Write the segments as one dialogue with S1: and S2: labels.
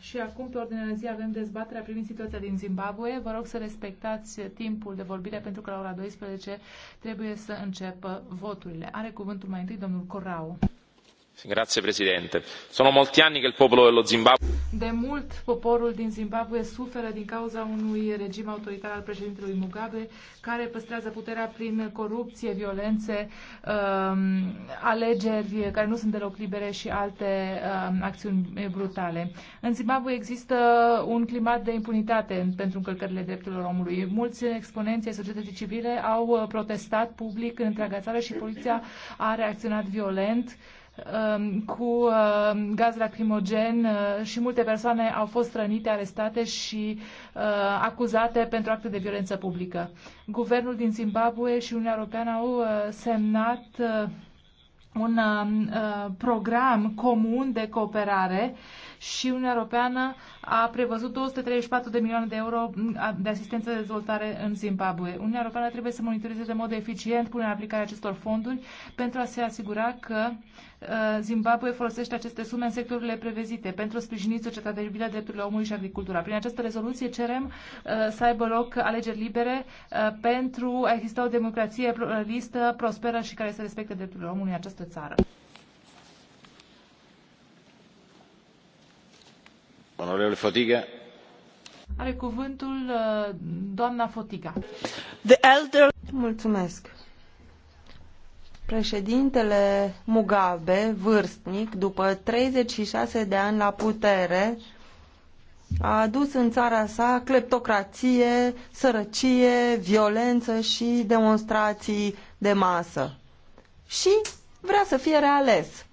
S1: Și acum, pe ordinea de zi, avem dezbaterea privind situația din Zimbabwe. Vă rog să respectați timpul de vorbire, pentru că la ora 12 trebuie să înceapă voturile. Are cuvântul mai întâi domnul Corrao. Grazie, Presidente. Sono molti anni che il popolo dello Zimbabwe... De mult, poporul din Zimbabwe suferă din cauza unui regim autoritar al președintelui Mugabe, care păstrează puterea prin corupție, violențe, um, alegeri care nu sunt deloc libere și alte um, acțiuni brutale. În Zimbabwe există un climat de impunitate pentru încălcările drepturilor omului. Mulți exponenții ai societății civile au uh, protestat public în întreaga țară și poliția a reacționat violent. Um, cu um, gaz lacrimogen uh, și multe persoane au fost rănite, arestate și uh, acuzate pentru acte de violență publică. Guvernul din Zimbabwe și Uniunea Europeană au uh, semnat un um, program comun de cooperare și Uniunea Europeană a prevăzut 234 de milioane de euro de asistență de dezvoltare în Zimbabwe. Uniunea Europeană trebuie să monitorizeze în mod eficient punerea aplicarea acestor fonduri pentru a se asigura că uh, Zimbabwe folosește aceste sume în sectorile prevezite pentru a sprijini societatea iubirea drepturile omului și agricultura. Prin această rezoluție cerem uh, să aibă loc alegeri libere uh, pentru a exista o democrație pluralistă, prosperă și care să respecte drepturile omului în această țară.
S2: Onorevole Fotiga.
S1: Uh, Președintele
S3: Mugabe, vârstnic, după 36 de ani la putere, a adus în țara sa cleptocrație, sărăcie, violență și demonstrații de masă. Și vrea să fie reales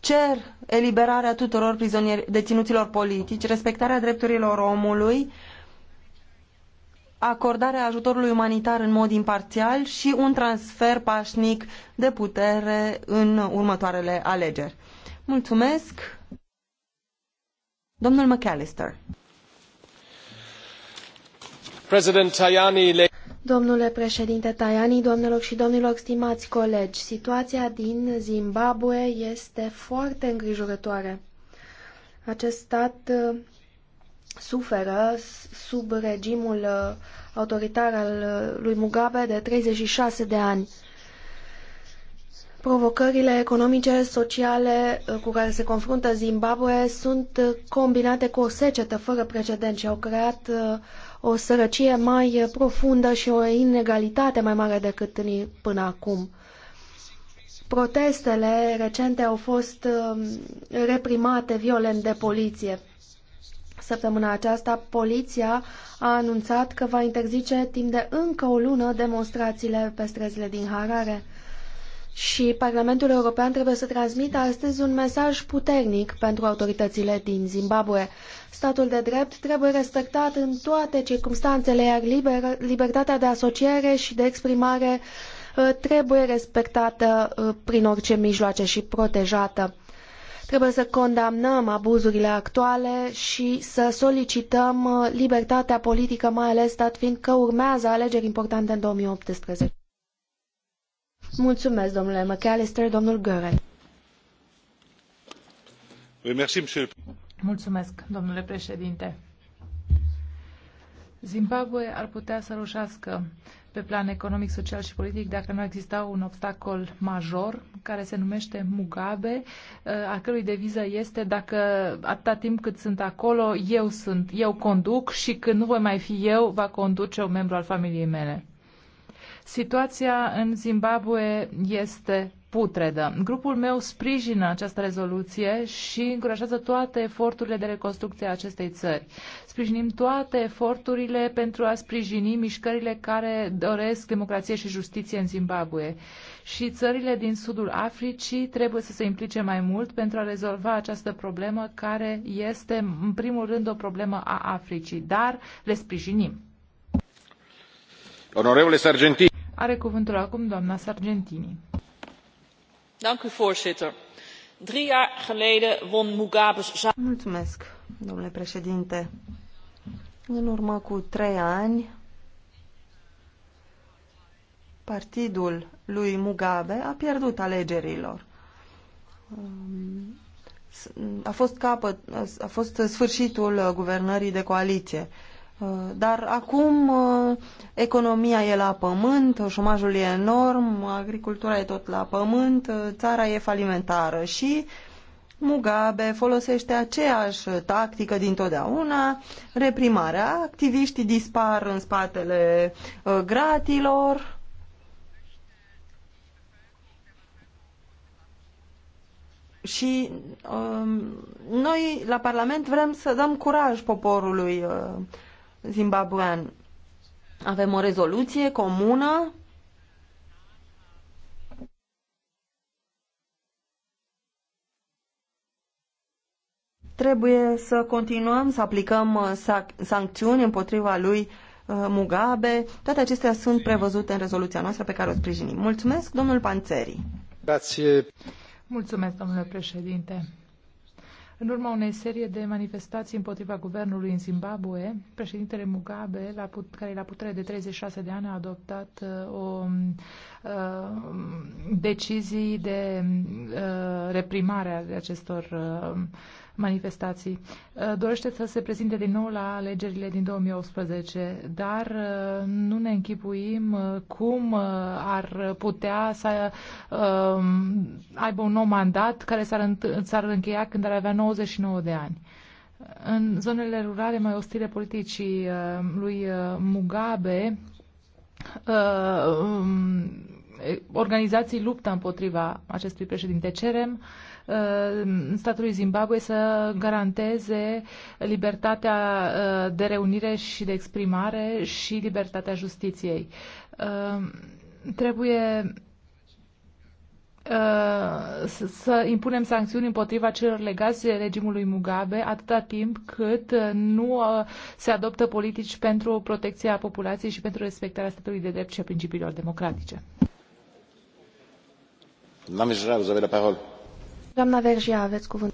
S3: cer eliberarea tuturor prizonieri, deținuților politici, respectarea drepturilor omului, acordarea ajutorului umanitar în mod imparțial și un transfer pașnic de putere în următoarele alegeri. Mulțumesc.
S4: Domnul McAllister.
S2: President Tajani,
S4: Domnule președinte Tajani, domnilor și domnilor, stimați colegi, situația din Zimbabwe este foarte îngrijorătoare. Acest stat uh, suferă sub regimul uh, autoritar al uh, lui Mugabe de 36 de ani. Provocările economice, sociale cu care se confruntă Zimbabwe sunt combinate cu o secetă fără precedent și au creat o sărăcie mai profundă și o inegalitate mai mare decât până acum. Protestele recente au fost um, reprimate violent de poliție. Săptămâna aceasta, poliția a anunțat că va interzice timp de încă o lună demonstrațiile pe străzile din Harare și Parlamentul European trebuie să transmită astăzi un mesaj puternic pentru autoritățile din Zimbabwe. Statul de drept trebuie respectat în toate circumstanțele, iar liber, libertatea de asociere și de exprimare uh, trebuie respectată uh, prin orice mijloace și protejată. Trebuie să condamnăm abuzurile actuale și să solicităm uh, libertatea politică, mai ales dat fiind că urmează alegeri importante în 2018. Mulțumesc, domnule McAllister, domnul Gören.
S1: Mulțumesc, domnule președinte. Zimbabwe ar putea să rușească pe plan economic, social și politic dacă nu exista un obstacol major care se numește Mugabe, uh, a cărui deviză este dacă atâta timp cât sunt acolo, eu sunt, eu conduc și când nu voi mai fi eu, va conduce un membru al familiei mele. Situația în Zimbabwe este putredă. Grupul meu sprijină această rezoluție și încurajează toate eforturile de reconstrucție a acestei țări. Sprijinim toate eforturile pentru a sprijini mișcările care doresc democrație și justiție în Zimbabwe. Și țările din sudul Africii trebuie să se implice mai mult pentru a rezolva această problemă care este în primul rând o problemă a Africii, dar le sprijinim.
S2: Onorevole Sargentini.
S1: Are cuvântul acum doamna Sargentini.
S3: Mulțumesc, domnule președinte. În urmă cu trei ani, partidul lui Mugabe a pierdut alegerilor. A fost, capăt, a fost sfârșitul guvernării de coaliție. Uh, dar acum uh, economia e la pământ, șomajul e enorm, agricultura e tot la pământ, uh, țara e falimentară și Mugabe folosește aceeași tactică dintotdeauna, reprimarea, activiștii dispar în spatele gratilor, și um, noi la Parlament vrem să dăm curaj poporului uh, zimbabwean. Avem o rezoluție comună trebuie să continuăm să aplicăm uh, sancțiuni împotriva lui uh, Mugabe. Toate acestea sunt prevăzute în rezoluția noastră pe care o sprijinim. Mulțumesc,
S1: domnul Panțeri. Mulțumesc, domnule președinte. În urma unei serie de manifestații împotriva guvernului în Zimbabwe, președintele Mugabe, la put- care la putere de 36 de ani, a adoptat uh, o uh, decizii de uh, reprimare a acestor uh, manifestații. Uh, dorește să se prezinte din nou la alegerile din 2018, dar uh, nu ne închipuim uh, cum ar putea să aibă un nou mandat care s-ar încheia când ar avea 99 de ani. În zonele rurale mai ostile politicii lui Mugabe, um, organizații luptă împotriva acestui președinte. Cerem uh, Uh, statului Zimbabwe să garanteze libertatea uh, de reunire și de exprimare și libertatea justiției. Uh, trebuie să impunem sancțiuni împotriva celor legați de regimului Mugabe atâta timp cât nu se adoptă politici pentru protecția populației și pentru respectarea statului de drept și a principiilor democratice.
S2: Mamă, Jirau, vous avez la parole.
S1: Doamna Vergia, aveți cuvânt.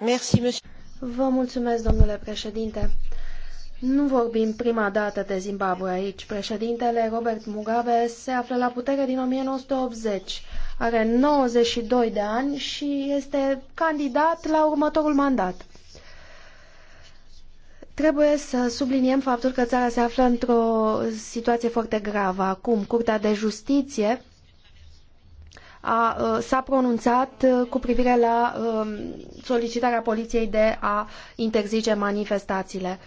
S4: Merci, Vă mulțumesc, domnule președinte. Nu vorbim prima dată de Zimbabwe aici. Președintele Robert Mugabe se află la putere din 1980. Are 92 de ani și este candidat la următorul mandat. Trebuie să subliniem faptul că țara se află într-o situație foarte gravă acum. Curtea de Justiție s-a pronunțat cu privire la solicitarea poliției de a interzice manifestațiile.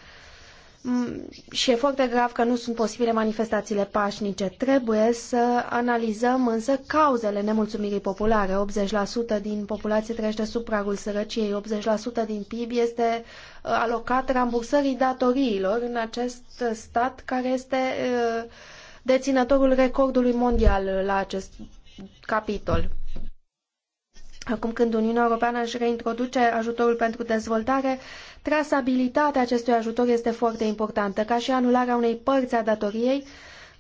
S4: Mm, și e foarte grav că nu sunt posibile manifestațiile pașnice. Trebuie să analizăm însă cauzele nemulțumirii populare. 80% din populație trăiește sub pragul sărăciei, 80% din PIB este alocat rambursării datoriilor în acest stat care este deținătorul recordului mondial la acest capitol. Acum când Uniunea Europeană își reintroduce ajutorul pentru dezvoltare, trasabilitatea acestui ajutor este foarte importantă, ca și anularea unei părți a datoriei,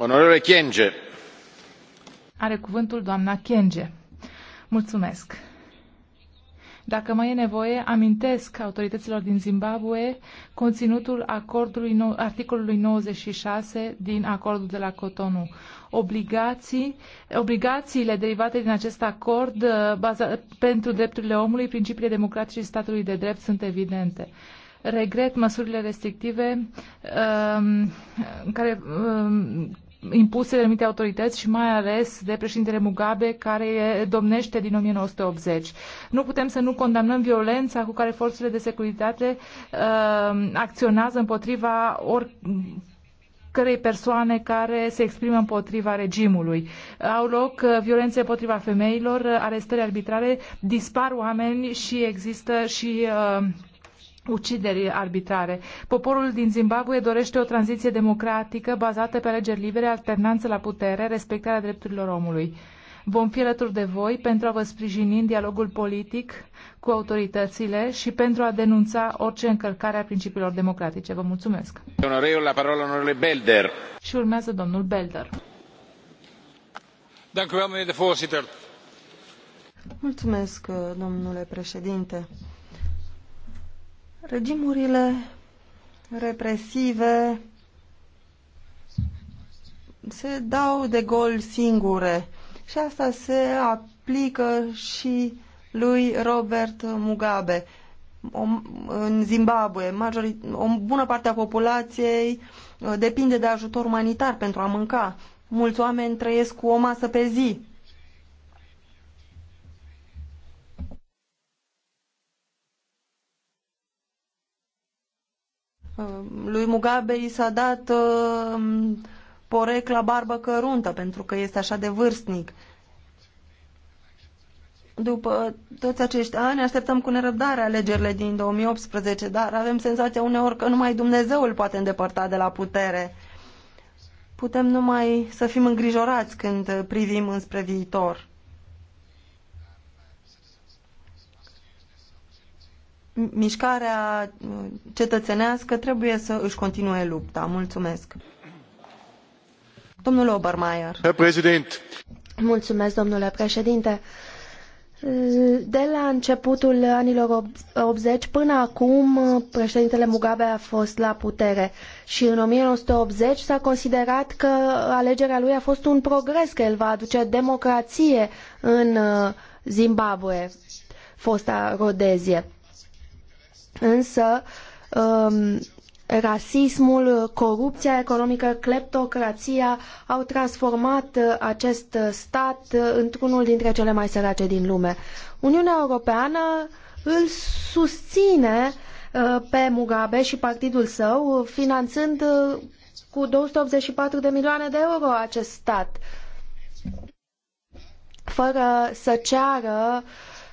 S2: Onorele Kenge
S1: Are cuvântul doamna Kenge. Mulțumesc. Dacă mai e nevoie, amintesc autorităților din Zimbabwe conținutul acordului, articolului 96 din acordul de la Cotonou. Obligații, obligațiile derivate din acest acord uh, baza, pentru drepturile omului, principiile democratice și statului de drept sunt evidente regret măsurile restrictive um, care um, impuse de anumite autorități și mai ales de președintele Mugabe, care domnește din 1980. Nu putem să nu condamnăm violența cu care forțele de securitate uh, acționează împotriva
S2: oricărei
S1: persoane care se exprimă împotriva regimului. Au loc uh, violențe împotriva femeilor, uh, arestări arbitrare, dispar oameni și există și uh, ucideri arbitrare. Poporul din Zimbabwe dorește o tranziție democratică bazată pe alegeri libere, alternanță la putere, respectarea drepturilor omului. Vom fi alături de voi pentru a vă sprijini în dialogul politic cu autoritățile și pentru a denunța orice încălcare a principiilor democratice. Vă mulțumesc.
S2: Onoreu, la parola onorului Belder.
S1: Și urmează domnul Belder. Mulțumesc,
S3: domnule președinte Regimurile represive se dau de gol singure și asta se aplică și lui Robert Mugabe. O, în Zimbabwe, majori, o bună parte a populației uh, depinde de ajutor umanitar pentru a mânca. Mulți oameni trăiesc cu o masă pe zi. Uh, lui Mugabe i s-a dat uh, porec la barbă căruntă pentru că este așa de vârstnic. După toți acești ani așteptăm cu nerăbdare alegerile din 2018, dar avem senzația uneori că numai Dumnezeu îl poate îndepărta de la putere. Putem numai să fim îngrijorați când privim înspre viitor. mișcarea uh, cetățenească trebuie să își continue lupta. Mulțumesc. Domnule Obermeier.
S4: Mulțumesc, domnule președinte. De la începutul anilor 80 până acum, președintele Mugabe a fost la putere și în 1980 s-a considerat că alegerea lui a fost un progres, că el va aduce democrație în uh, Zimbabwe, fosta Rodezie însă um, rasismul, corupția economică, cleptocrația au transformat acest stat într-unul dintre cele mai sărace din lume. Uniunea Europeană îl susține uh, pe Mugabe și partidul său, finanțând uh, cu 284 de milioane de euro acest stat, fără să ceară uh,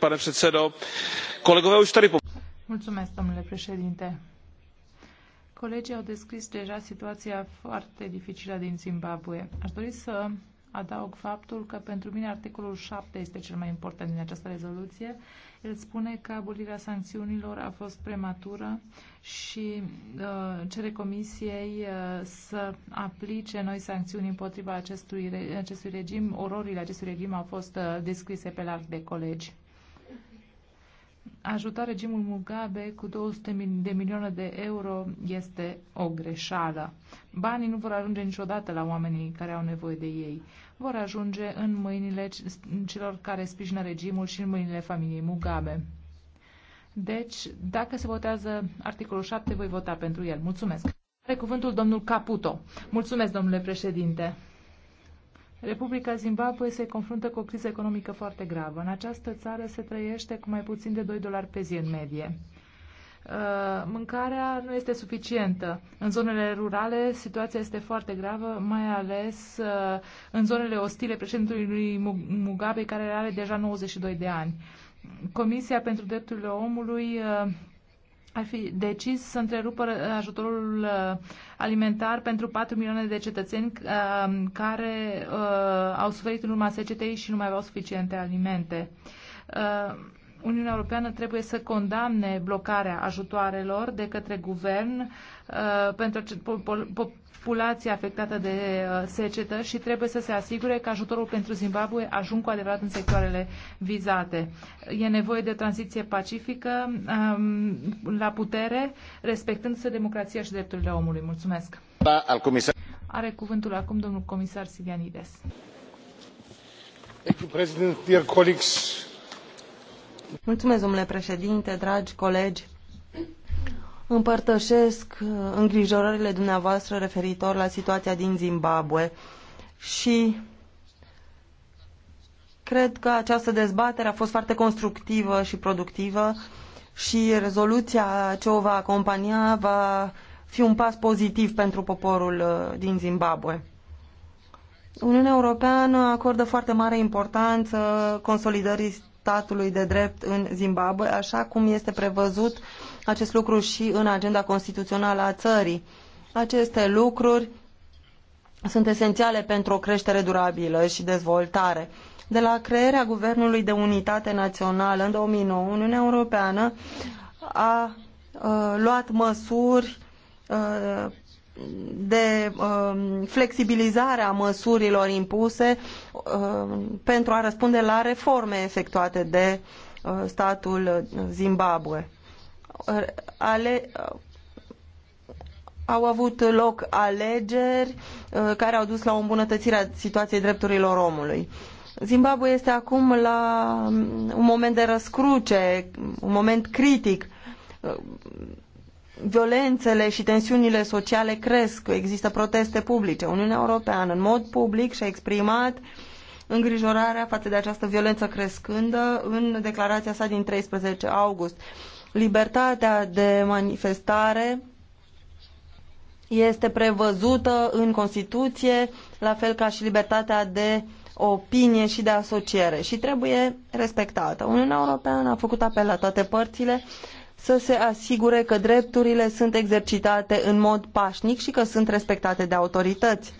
S2: pane předsedající kolegové už tady.
S1: mulțumesc domnule președinte colegii au descris deja situația foarte dificilă din zimbabwe. aș dori să adaug faptul că pentru mine articolul 7 este cel mai important din această rezoluție. El spune că abolirea sancțiunilor a fost prematură și uh, cere Comisiei uh, să aplice noi sancțiuni împotriva acestui, acestui regim. Ororile acestui regim au fost uh, descrise pe larg de colegi ajuta regimul Mugabe cu 200 de milioane de euro este o greșeală. Banii nu vor ajunge niciodată la oamenii care au nevoie de ei. Vor ajunge în mâinile celor care sprijină regimul și în mâinile familiei Mugabe. Deci, dacă se votează articolul 7, voi vota pentru el. Mulțumesc. Are cuvântul domnul Caputo. Mulțumesc, domnule președinte. Republica Zimbabwe se confruntă cu o criză economică foarte gravă. În această țară se trăiește cu mai puțin de 2 dolari pe zi în medie. Uh, mâncarea nu este suficientă. În zonele rurale situația este foarte gravă, mai ales uh, în zonele ostile președintului Mugabe, care are deja 92 de ani. Comisia pentru Drepturile Omului uh, ar fi decis să întrerupă uh, ajutorul uh, alimentar pentru 4 milioane de cetățeni uh, care au suferit în urma secetei și nu mai aveau suficiente alimente. Uniunea Europeană trebuie să condamne blocarea ajutoarelor de către guvern uh, pentru populația afectată de uh, secetă și trebuie să se asigure că ajutorul pentru Zimbabwe ajung cu adevărat în sectoarele vizate. E nevoie de o tranziție pacifică um, la putere, respectându-se democrația și drepturile omului. Mulțumesc.
S2: Da, al comisar.
S1: Are cuvântul acum domnul comisar Silianides.
S2: Thank you, President. Dear colleagues,
S3: Mulțumesc, dragi colegi. Împărtășesc uh, îngrijorările dumneavoastră referitor la situația din Zimbabwe și cred că această dezbatere a fost foarte constructivă și productivă și rezoluția ce o va acompania va fi un pas pozitiv pentru poporul uh, din Zimbabwe. Uniunea Europeană acordă foarte mare importanță consolidării statului de drept în Zimbabwe, așa cum este prevăzut acest lucru și în agenda constituțională a țării. Aceste lucruri sunt esențiale pentru o creștere durabilă și dezvoltare. De la crearea Guvernului de Unitate Națională în 2009, Uniunea Europeană a uh, luat măsuri uh, de um, flexibilizare a măsurilor impuse um, pentru a răspunde la reforme efectuate de uh, statul Zimbabwe. Ale, uh, au avut loc alegeri uh, care au dus la o îmbunătățire a situației drepturilor omului. Zimbabwe este acum la um, un moment de răscruce, un moment critic uh, violențele și tensiunile sociale cresc, există proteste publice. Uniunea Europeană în mod public și-a exprimat îngrijorarea față de această violență crescândă în declarația sa din 13 august. Libertatea de manifestare este prevăzută în Constituție, la fel ca și libertatea de opinie și de asociere și trebuie respectată. Uniunea Europeană a făcut apel la toate părțile să se asigure că drepturile sunt exercitate în mod pașnic și că sunt respectate de autorități.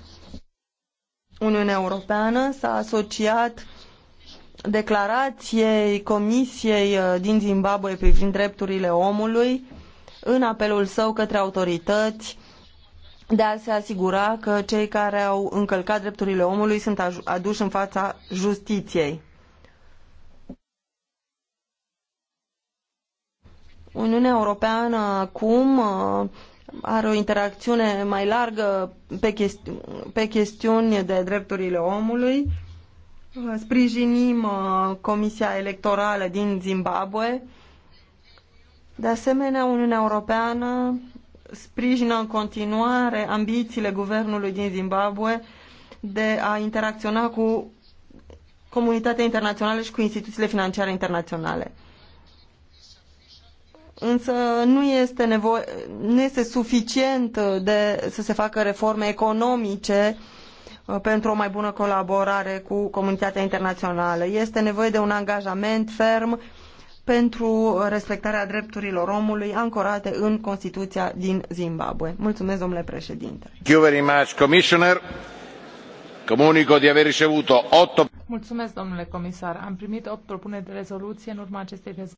S3: Uniunea Europeană s-a asociat declarației Comisiei uh, din Zimbabwe privind drepturile omului în apelul său către autorități de a se asigura că cei care au încălcat drepturile omului sunt aduși în fața justiției. Uniunea Europeană acum uh, are o interacțiune mai largă pe, chesti- pe chestiuni de drepturile omului. Uh, sprijinim uh, Comisia Electorală din Zimbabwe. De asemenea, Uniunea Europeană sprijină în continuare ambițiile guvernului din Zimbabwe de a interacționa cu comunitatea internațională și cu instituțiile financiare internaționale însă nu este, nevoie, nu este
S5: suficient
S3: uh, de, să se facă reforme economice uh, pentru o mai bună colaborare cu comunitatea internațională. Este nevoie de un angajament ferm pentru respectarea drepturilor omului ancorate în Constituția din Zimbabwe. Mulțumesc, domnule președinte.
S2: Comunico di aver ricevuto 8
S1: Mulțumesc, domnule comisar. Am primit 8 propuneri de rezoluție în urma acestei rezoluții.